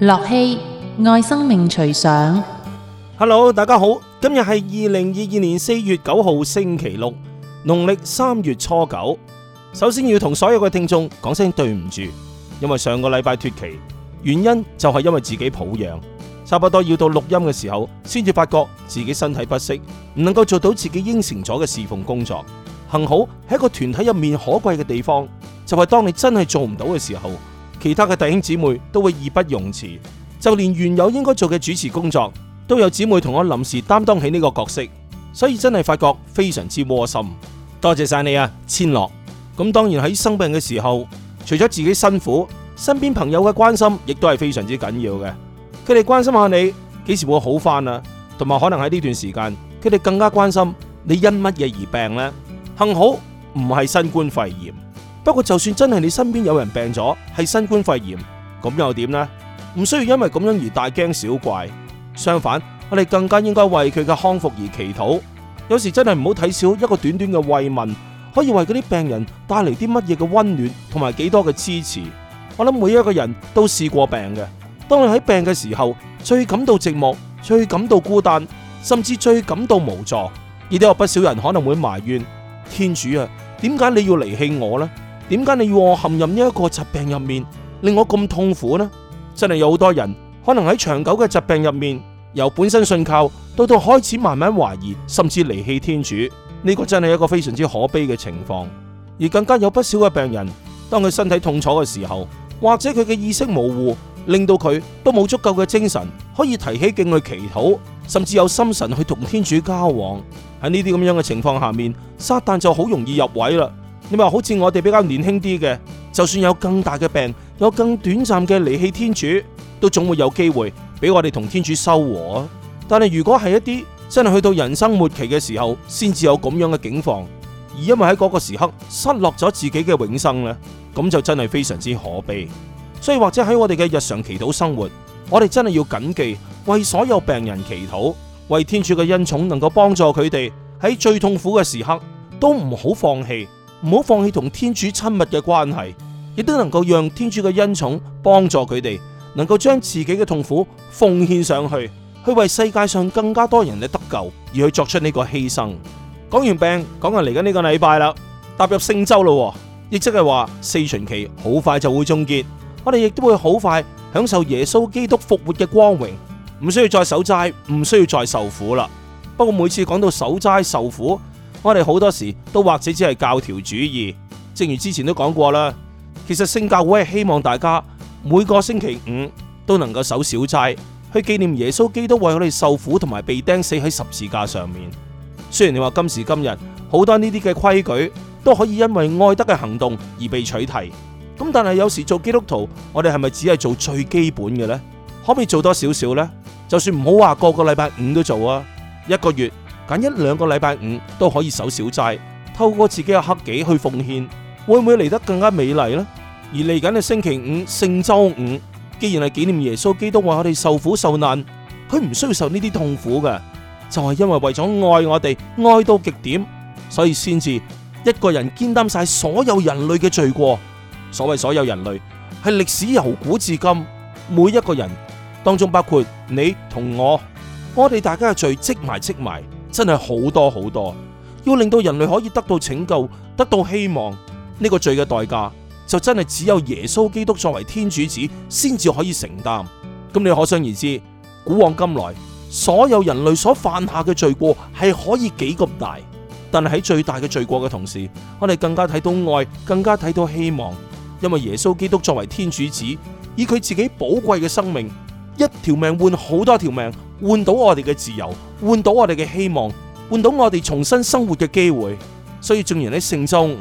樂熙愛生命隨想，Hello，大家好，今日係二零二二年四月九號星期六，農曆三月初九。首先要同所有嘅聽眾講聲對唔住，因為上個禮拜脫期，原因就係因為自己抱恙，差不多要到錄音嘅時候，先至發覺自己身體不適，唔能夠做到自己應承咗嘅侍奉工作。幸好喺一個團體入面，可貴嘅地方就係、是、當你真係做唔到嘅時候。其他嘅弟兄姊妹都會義不容辭，就連原有應該做嘅主持工作，都有姊妹同我臨時擔當起呢個角色，所以真係發覺非常之窩心。多謝晒你啊，千樂。咁當然喺生病嘅時候，除咗自己辛苦，身邊朋友嘅關心亦都係非常之緊要嘅。佢哋關心下你幾時會好返啊，同埋可能喺呢段時間，佢哋更加關心你因乜嘢而病呢。幸好唔係新冠肺炎。不過就算真係你身邊有人病咗，係新冠肺炎咁又點呢？唔需要因為咁樣而大驚小怪，相反我哋更加應該為佢嘅康復而祈禱。有時真係唔好睇少一個短短嘅慰問，可以為嗰啲病人帶嚟啲乜嘢嘅溫暖，同埋幾多嘅支持。我諗每一個人都試過病嘅，當你喺病嘅時候，最感到寂寞，最感到孤單，甚至最感到無助。亦都有不少人可能會埋怨天主啊，點解你要離棄我呢？點解你要我陷入呢一個疾病入面，令我咁痛苦呢？真係有好多人可能喺長久嘅疾病入面，由本身信靠到到開始慢慢懷疑，甚至離棄天主，呢個真係一個非常之可悲嘅情況。而更加有不少嘅病人，當佢身體痛楚嘅時候，或者佢嘅意識模糊，令到佢都冇足夠嘅精神可以提起勁去祈禱，甚至有心神去同天主交往。喺呢啲咁樣嘅情況下面，撒旦就好容易入位啦。你咪話好似我哋比較年輕啲嘅，就算有更大嘅病，有更短暫嘅離棄天主，都總會有機會俾我哋同天主修和啊！但係如果係一啲真係去到人生末期嘅時候，先至有咁樣嘅境況，而因為喺嗰個時刻失落咗自己嘅永生呢，咁就真係非常之可悲。所以或者喺我哋嘅日常祈禱生活，我哋真係要謹記為所有病人祈禱，為天主嘅恩寵能夠幫助佢哋喺最痛苦嘅時刻都唔好放棄。唔好放棄同天主親密嘅關係，亦都能夠讓天主嘅恩寵幫助佢哋，能夠將自己嘅痛苦奉獻上去，去為世界上更加多人嘅得救而去作出呢個犧牲。講完病，講緊嚟緊呢個禮拜啦，踏入聖周咯，亦即係話四旬期好快就會終結，我哋亦都會好快享受耶穌基督復活嘅光榮，唔需要再守齋，唔需要再受苦啦。不過每次講到守齋受苦。我哋好多時都或者只係教條主義，正如之前都講過啦。其實聖教會係希望大家每個星期五都能夠守小齋，去紀念耶穌基督為我哋受苦同埋被釘死喺十字架上面。雖然你話今時今日好多呢啲嘅規矩都可以因為愛德嘅行動而被取締，咁但係有時做基督徒，我哋係咪只係做最基本嘅呢？可唔可以做多少少呢？就算唔好話個個禮拜五都做啊，一個月。揀一兩個禮拜五都可以守小齋，透過自己嘅克己去奉獻，會唔會嚟得更加美麗呢？而嚟緊嘅星期五，聖周五，既然係紀念耶穌基督為我哋受苦受難，佢唔需要受呢啲痛苦嘅，就係因為為咗愛我哋，愛到極點，所以先至一個人肩擔晒所有人類嘅罪過。所謂所有人類，係歷史由古至今每一個人當中，包括你同我，我哋大家嘅罪積埋積埋。真係好多好多，要令到人類可以得到拯救，得到希望，呢個罪嘅代價就真係只有耶穌基督作為天主子先至可以承擔。咁你可想而知，古往今來所有人類所犯下嘅罪過係可以幾咁大，但係喺最大嘅罪過嘅同時，我哋更加睇到愛，更加睇到希望，因為耶穌基督作為天主子，以佢自己寶貴嘅生命。一條命換好多條命，換到我哋嘅自由，換到我哋嘅希望，換到我哋重新生活嘅機會。所以縱然喺聖周五，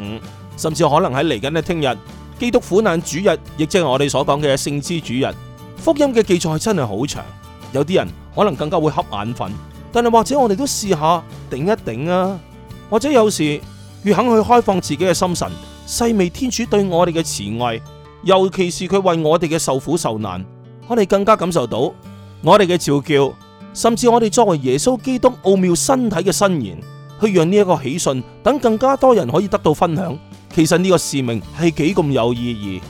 甚至可能喺嚟緊呢聽日，基督苦難主日，亦即係我哋所講嘅聖枝主日。福音嘅記載真係好長，有啲人可能更加會瞌眼瞓，但係或者我哋都試下頂一頂啊，或者有時越肯去開放自己嘅心神，細味天主對我哋嘅慈愛，尤其是佢為我哋嘅受苦受難。我哋更加感受到我哋嘅召叫，甚至我哋作為耶穌基督奧妙身體嘅伸延，去讓呢一個喜訊等更加多人可以得到分享。其實呢個使命係幾咁有意義？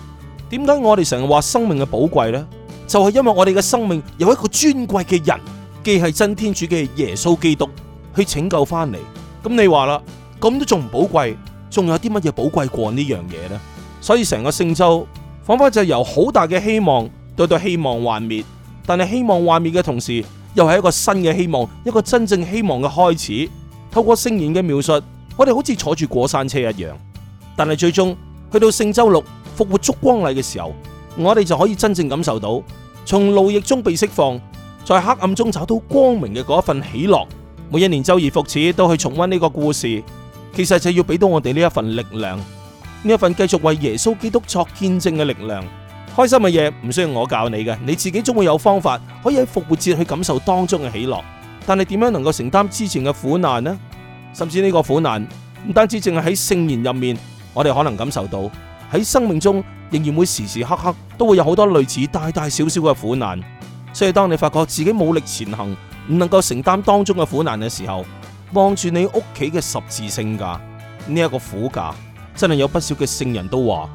點解我哋成日話生命嘅寶貴咧？就係因為我哋嘅生命有一個尊貴嘅人，既係真天主嘅耶穌基督去拯救翻嚟。咁你話啦，咁都仲唔寶貴？仲有啲乜嘢寶貴過呢樣嘢咧？所以成個聖周，仿佛就由好大嘅希望。對對希望幻滅，但係希望幻滅嘅同時，又係一個新嘅希望，一個真正希望嘅開始。透過聖言嘅描述，我哋好似坐住過山車一樣，但係最終去到聖周六復活燭光禮嘅時候，我哋就可以真正感受到從奴役中被釋放，在黑暗中找到光明嘅嗰一份喜樂。每一年周而復始都去重溫呢個故事，其實就要俾到我哋呢一份力量，呢一份繼續為耶穌基督作見證嘅力量。開心嘅嘢，唔需要我教你嘅，你自己總會有方法可以喺復活節去感受當中嘅喜樂。但你點樣能夠承擔之前嘅苦難呢？甚至呢個苦難唔單止淨係喺聖言入面，我哋可能感受到喺生命中仍然會時時刻刻都會有好多類似大大小小嘅苦難。所以當你發覺自己冇力前行，唔能夠承擔當中嘅苦難嘅時候，望住你屋企嘅十字聖架呢一個苦架，真係有不少嘅聖人都話。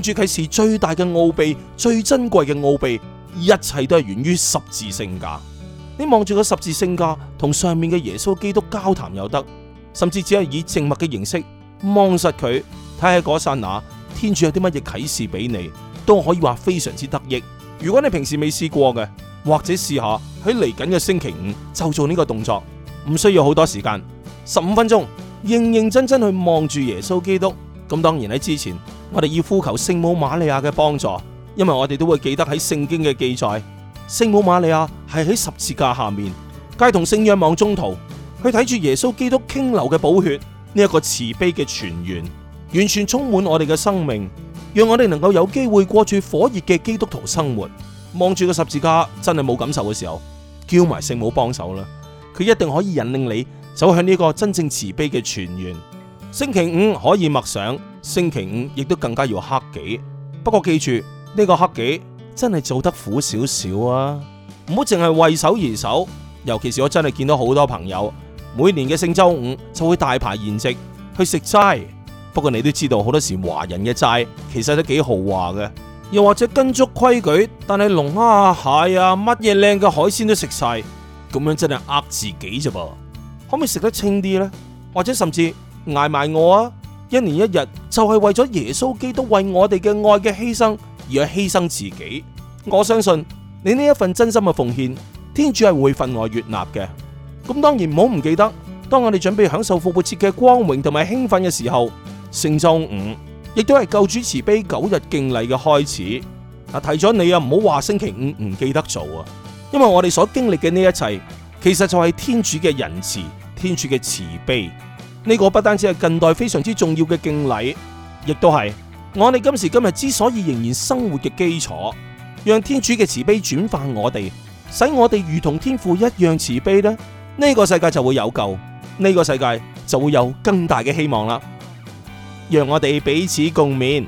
天主啟示最大嘅奧秘，最珍貴嘅奧秘，一切都係源於十字聖架。你望住個十字聖架，同上面嘅耶穌基督交談又得，甚至只係以，以靜默嘅形式望實佢，睇下嗰剎那，天主有啲乜嘢啟示俾你，都可以話非常之得益。如果你平時未試過嘅，或者試下喺嚟緊嘅星期五就做呢個動作，唔需要好多時間，十五分鐘，認認真真去望住耶穌基督。咁當然喺之前。我哋要呼求聖母瑪利亞嘅幫助，因為我哋都會記得喺聖經嘅記載，聖母瑪利亞係喺十字架下面，偕同聖若望中途去睇住耶穌基督傾流嘅寶血，呢一個慈悲嘅泉源，完全充滿我哋嘅生命，讓我哋能夠有機會過住火熱嘅基督徒生活。望住個十字架真係冇感受嘅時候，叫埋聖母幫手啦，佢一定可以引領你走向呢個真正慈悲嘅泉源。星期五可以默想。星期五亦都更加要克己，不過記住呢個克己真係做得苦少少啊！唔好淨係為手而手，尤其是我真係見到好多朋友每年嘅聖周五就會大排筵席去食齋，不過你都知道好多時華人嘅齋其實都幾豪華嘅，又或者跟足規矩，但係龍蝦啊、蟹啊、乜嘢靚嘅海鮮都食晒，咁樣真係呃自己咋噃？可唔可以食得清啲呢？或者甚至挨埋餓啊？一年一日就係為咗耶穌基督為我哋嘅愛嘅犧牲而去犧牲自己，我相信你呢一份真心嘅奉獻，天主係會份外悅納嘅。咁當然唔好唔記得，當我哋準備享受復活節嘅光榮同埋興奮嘅時候，聖周五亦都係救主慈悲九日敬禮嘅開始。啊，提咗你啊，唔好話星期五唔記得做啊，因為我哋所經歷嘅呢一切，其實就係天主嘅仁慈，天主嘅慈悲。呢個不單止係近代非常之重要嘅敬禮，亦都係我哋今時今日之所以仍然生活嘅基礎。讓天主嘅慈悲轉化我哋，使我哋如同天父一樣慈悲咧，呢個世界就會有救，呢個世界就會有更大嘅希望啦。讓我哋彼此共勉。